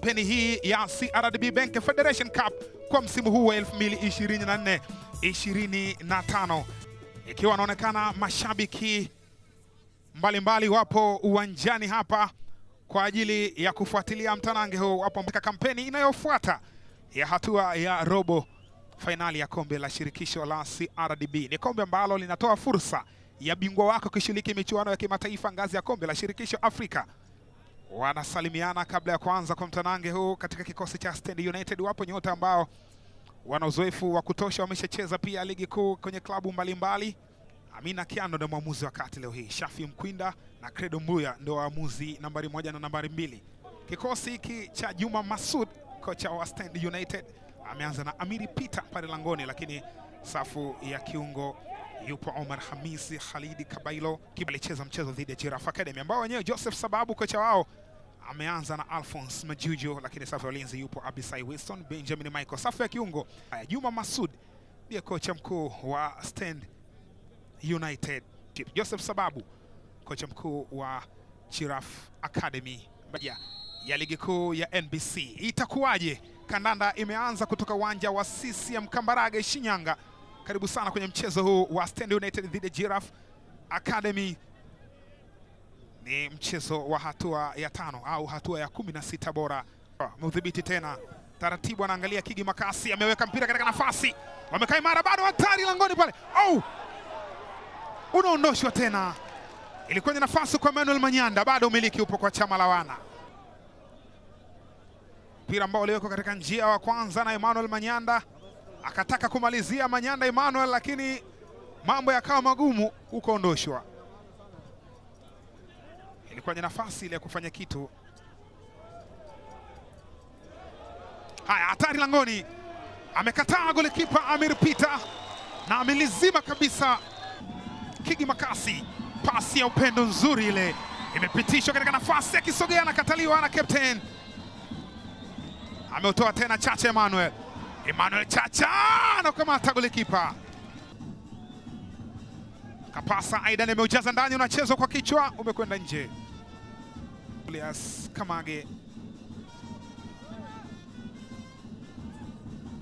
Kampeni hii ya CRDB Bank Federation Cup kwa msimu huu wa 2024 25 ikiwa wanaonekana mashabiki mbalimbali mbali wapo uwanjani hapa kwa ajili ya kufuatilia mtanange huu. Wapo katika kampeni inayofuata ya hatua ya robo fainali ya kombe la shirikisho la CRDB. Ni kombe ambalo linatoa fursa ya bingwa wako kushiriki michuano ya kimataifa ngazi ya kombe la shirikisho Afrika wanasalimiana kabla ya kuanza kwa mtanange huu katika kikosi cha Stand United. Wapo nyota ambao wana uzoefu wa kutosha, wameshacheza pia ligi kuu kwenye klabu mbalimbali. Amina Kiano ndio mwamuzi wa kati leo hii, Shafi Mkwinda na Credo Mbuya ndio waamuzi nambari moja na nambari mbili. Kikosi hiki cha Juma Masud, kocha wa Stand United, ameanza na Amiri Peter pale langoni, lakini safu ya kiungo yupo Omar Hamisi Khalidi Kabailo, kibali cheza mchezo dhidi ya Giraffe Academy ambao wenyewe Joseph Sababu kocha wao ameanza na Alphonse Majuju, lakini safu ya ulinzi yupo Abisai Winston, Benjamin Michael, safu ya kiungo Juma Masud ndiye kocha mkuu wa Stand United, Joseph Sababu kocha mkuu wa Chiraf Academy ya ligi kuu ya NBC. Itakuwaje? Kandanda imeanza kutoka uwanja wa CCM Kambarage, Shinyanga. Karibu sana kwenye mchezo huu wa Stand United dhidi ya Giraffe Academy ni mchezo wa hatua ya tano au hatua ya kumi na sita bora. Ameudhibiti tena taratibu, anaangalia Kigi Makasi, ameweka mpira katika nafasi, wamekaa imara, bado hatari langoni pale, au oh! unaondoshwa tena. Ilikuwa ni nafasi kwa Manuel Manyanda, bado umiliki upo kwa chama la wana mpira ambao uliwekwa katika njia wa kwanza na Emmanuel Manyanda, akataka kumalizia Manyanda Emmanuel, lakini mambo yakawa magumu, ukaondoshwa. Ilikuwa ni nafasi ile ya kufanya kitu. Haya, hatari langoni, amekataa golikipa Amir Pita na amelizima kabisa. Kigi Makasi, pasi ya upendo nzuri ile imepitishwa katika nafasi, akisogea anakataliwa na captain. Ameutoa tena Chacha Emmanuel, Emmanuel Chacha anakamata golikipa kapasa. Aidan ameujaza ndani, unachezwa kwa kichwa, umekwenda nje. Julius Kamage,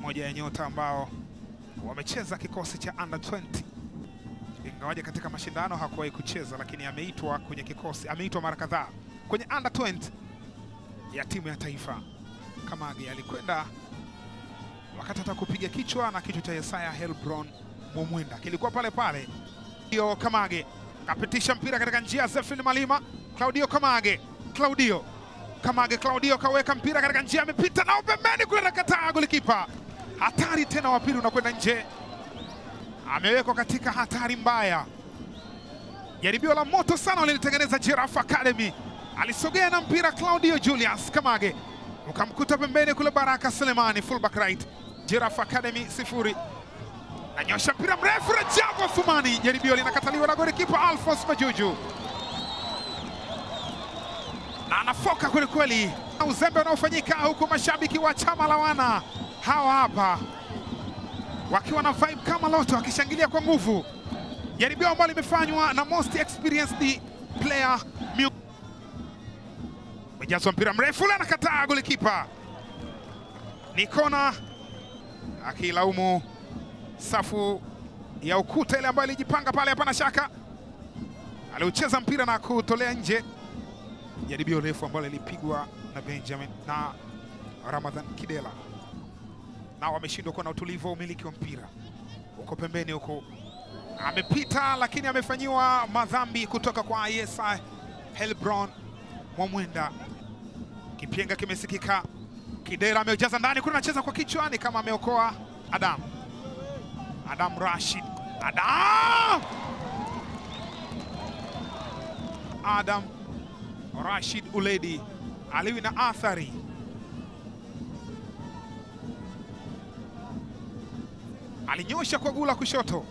moja ya nyota ambao wamecheza kikosi cha under 20 ingawaje katika mashindano hakuwahi kucheza, lakini ameitwa kwenye kikosi, ameitwa mara kadhaa kwenye under 20 ya timu ya taifa. Kamage alikwenda wakati hata kupiga kichwa na kichwa cha Yesaya Helbron Mumwinda kilikuwa pale pale. Ndio Kamage kapitisha mpira katika njia Zefrin Malima, Claudio Kamage Claudio Kamage. Claudio kaweka mpira katika njia, amepita nao pembeni kule, kataa golikipa. Hatari tena, wa pili unakwenda nje, amewekwa katika hatari mbaya. Jaribio la moto sana walilitengeneza Giraffe Academy, alisogea na mpira Claudio Julius Kamage ukamkuta pembeni kule Baraka Selemani, fullback right. Giraffe Academy sifuri. Nanyosha mpira mrefu, Rajabu Athumani, jaribio linakataliwa na golikipa Alphonce Majuju anafoka na Uzembe unaofanyika huku, mashabiki wa chama la wana hawa hapa wakiwa na vibe kama loto, wakishangilia kwa nguvu. Jaribio ambalo limefanywa na most experienced player mejazwa mpira mrefu, la nakataa golikipa ni kona, akilaumu safu ya ukuta ile ambayo ilijipanga pale. Hapana shaka aliucheza mpira na kutolea nje jaribio refu ambalo lilipigwa na Benjamin na Ramadhan Kidela, nao wameshindwa kuwa na utulivu wa umiliki wa mpira huko pembeni huko, amepita lakini amefanyiwa madhambi kutoka kwa Yesa Helbron Mwamwenda. Kipyenga kimesikika, Kidela amejaza ndani, kuna anacheza kwa kichwani kama ameokoa Adam. Adam Rashid, Adam Adam Rashid Uledi aliwi na athari alinyosha kwa gula kushoto,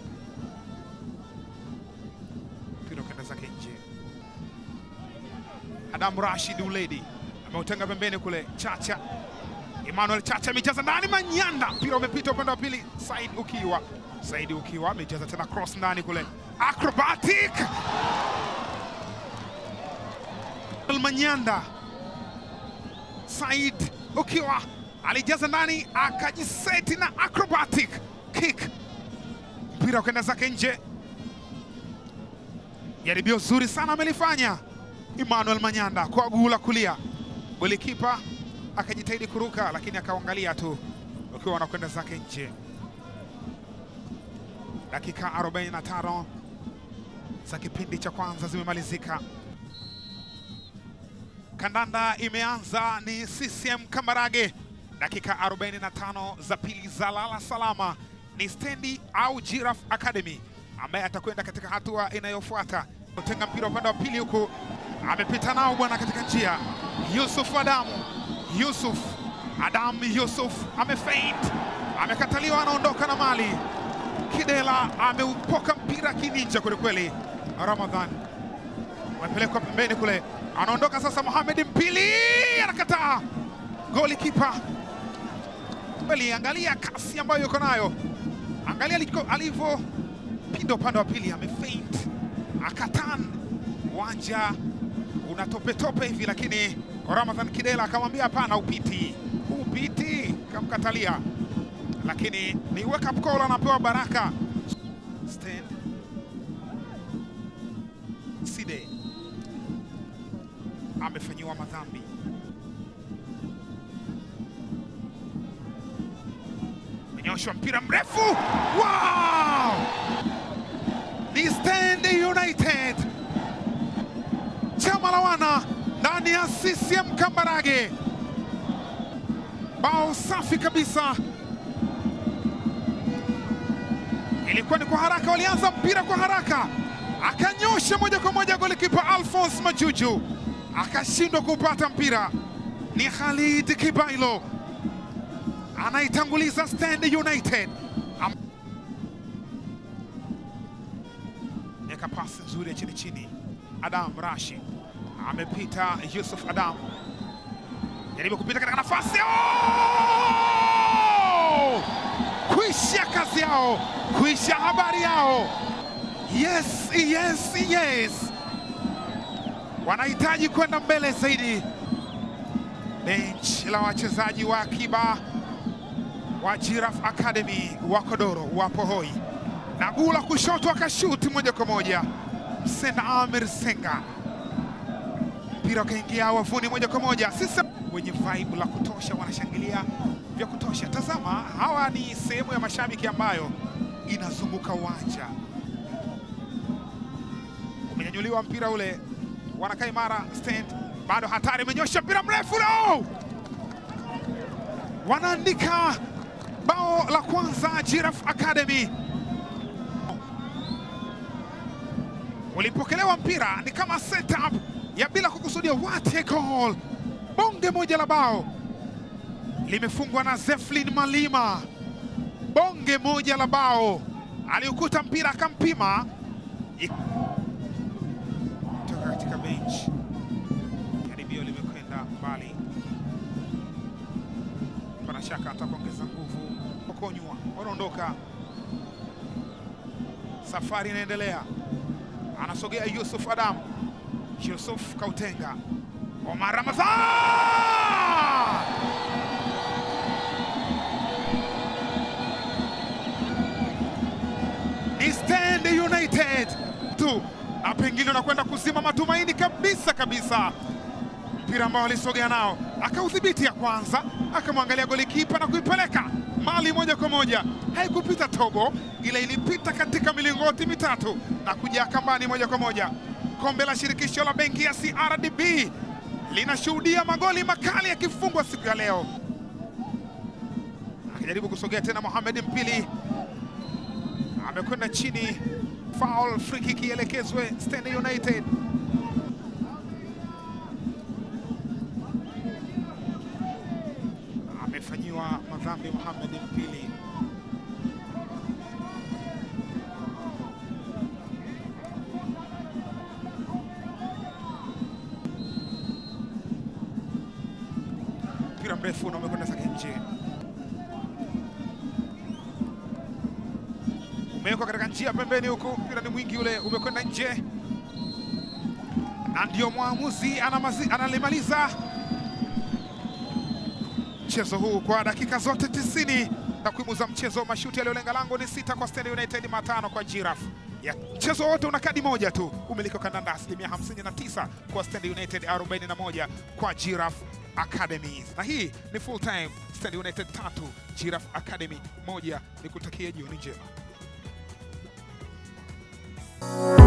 mpira ukaenda zake nje. Adam Rashid Uledi ameutenga pembeni kule. Chacha Emmanuel Chacha amejaza ndani, Manyanda mpira umepita upande wa pili. Said Ukiwa, Said Ukiwa amejaza tena cross ndani kule, acrobatic Michael Manyanda. Said ukiwa alijaza ndani akajiseti na acrobatic kick, mpira ukaenda zake nje. Jaribio zuri sana amelifanya Emmanuel Manyanda kwa guu la kulia, golikipa akajitahidi kuruka, lakini akaangalia tu ukiwa anakwenda zake nje. Dakika 45 za kipindi cha kwanza zimemalizika. Kandanda imeanza, ni CCM Kambarage. Dakika 45 za pili za lala salama ni stendi au Giraffe Academy ambaye atakwenda katika hatua inayofuata. Utenga mpira upande wa pili huku, amepita nao bwana katika njia. Yusuf Adamu, Yusuf Adamu, Yusuf amefaint, amekataliwa, anaondoka na mali. Kidela ameupoka mpira kininja kwelikweli. Ramadhan amepelekwa pembeni kule, anaondoka sasa. Mohamed Mpili anakataa, goli kipa mbeli. Angalia kasi ambayo yuko nayo, angalia pinda upande wa pili, amefaint akatan. Uwanja una topetope hivi, lakini Ramadhan Kidela akamwambia hapana, upiti upiti, kamkatalia, lakini ni wake up call, anapewa Baraka amefanyiwa madhambi. Menyoshwa mpira mrefu wow! Ni Stand United, chama la wana ndani ya CCM Kambarage. Bao safi kabisa, ilikuwa ni kwa haraka, walianza mpira kwa haraka, akanyosha moja kwa moja golikipa alfons Majuju akashindwa kupata mpira. Ni Khalid Kibailo anaitanguliza Stand United. Neka pasi nzuri ya chini chini, Adam Rashid amepita Yusuf Adam, jaribu kupita katika nafasi oh! Kuisha kazi yao, kuisha habari yao. Yes, yes, yes wanahitaji kwenda mbele zaidi. Benchi la wachezaji wa akiba wa Giraffe Academy wa Kodoro wapo hoi. Nagula kushoto akashuti moja kwa moja, Sena Amir Senga mpira ukaingia wavuni moja kwa moja. Sisi wenye vibe la kutosha, wanashangilia vya kutosha. Tazama, hawa ni sehemu ya mashabiki ambayo inazunguka uwanja, umenyanyuliwa mpira ule wanakaa imara stand, bado hatari, imenyosha mpira mrefu no! Wanaandika bao la kwanza Giraffe Academy. Ulipokelewa mpira ni kama setup ya bila kukusudia, what a goal! Bonge moja la bao limefungwa na Zeflin Malima, bonge moja la bao aliukuta mpira akampima bench. Jaribio limekwenda mbali, pana shaka atakuongeza nguvu. Okonywa wanaondoka safari inaendelea, anasogea Yusuf Adam, Yusuf Kautenga, Omar Ramadhan United pengine unakwenda kuzima matumaini kabisa kabisa. Mpira ambao alisogea nao akaudhibiti, ya kwanza akamwangalia golikipa na kuipeleka mali moja kwa moja. Haikupita tobo, ila ilipita katika milingoti mitatu na kuja kambani moja kwa moja. Kombe la shirikisho la benki ya CRDB linashuhudia magoli makali yakifungwa siku ya leo. Akijaribu kusogea tena, Mohamed Mpili amekwenda chini foul, free kick ielekezwe Stand United. Amefanyiwa madhambi Mohamed Mpili. Mpira mrefu na zake nje. umewekwa katika njia pembeni, huku mpira ni mwingi, ule umekwenda nje, na ndio mwamuzi analimaliza mchezo huu kwa dakika zote tisini. Takwimu za mchezo, mashuti yaliyolenga lango ni sita kwa Stand United, matano kwa Giraffe mchezo wote una kadi moja tu. Umiliki wa kandanda asilimia 59 kwa Stand United, 41 kwa Giraffe Academies. Na hii ni full time, Stand United tatu, Giraffe Academy moja. Nikutakie jioni njema. Bye.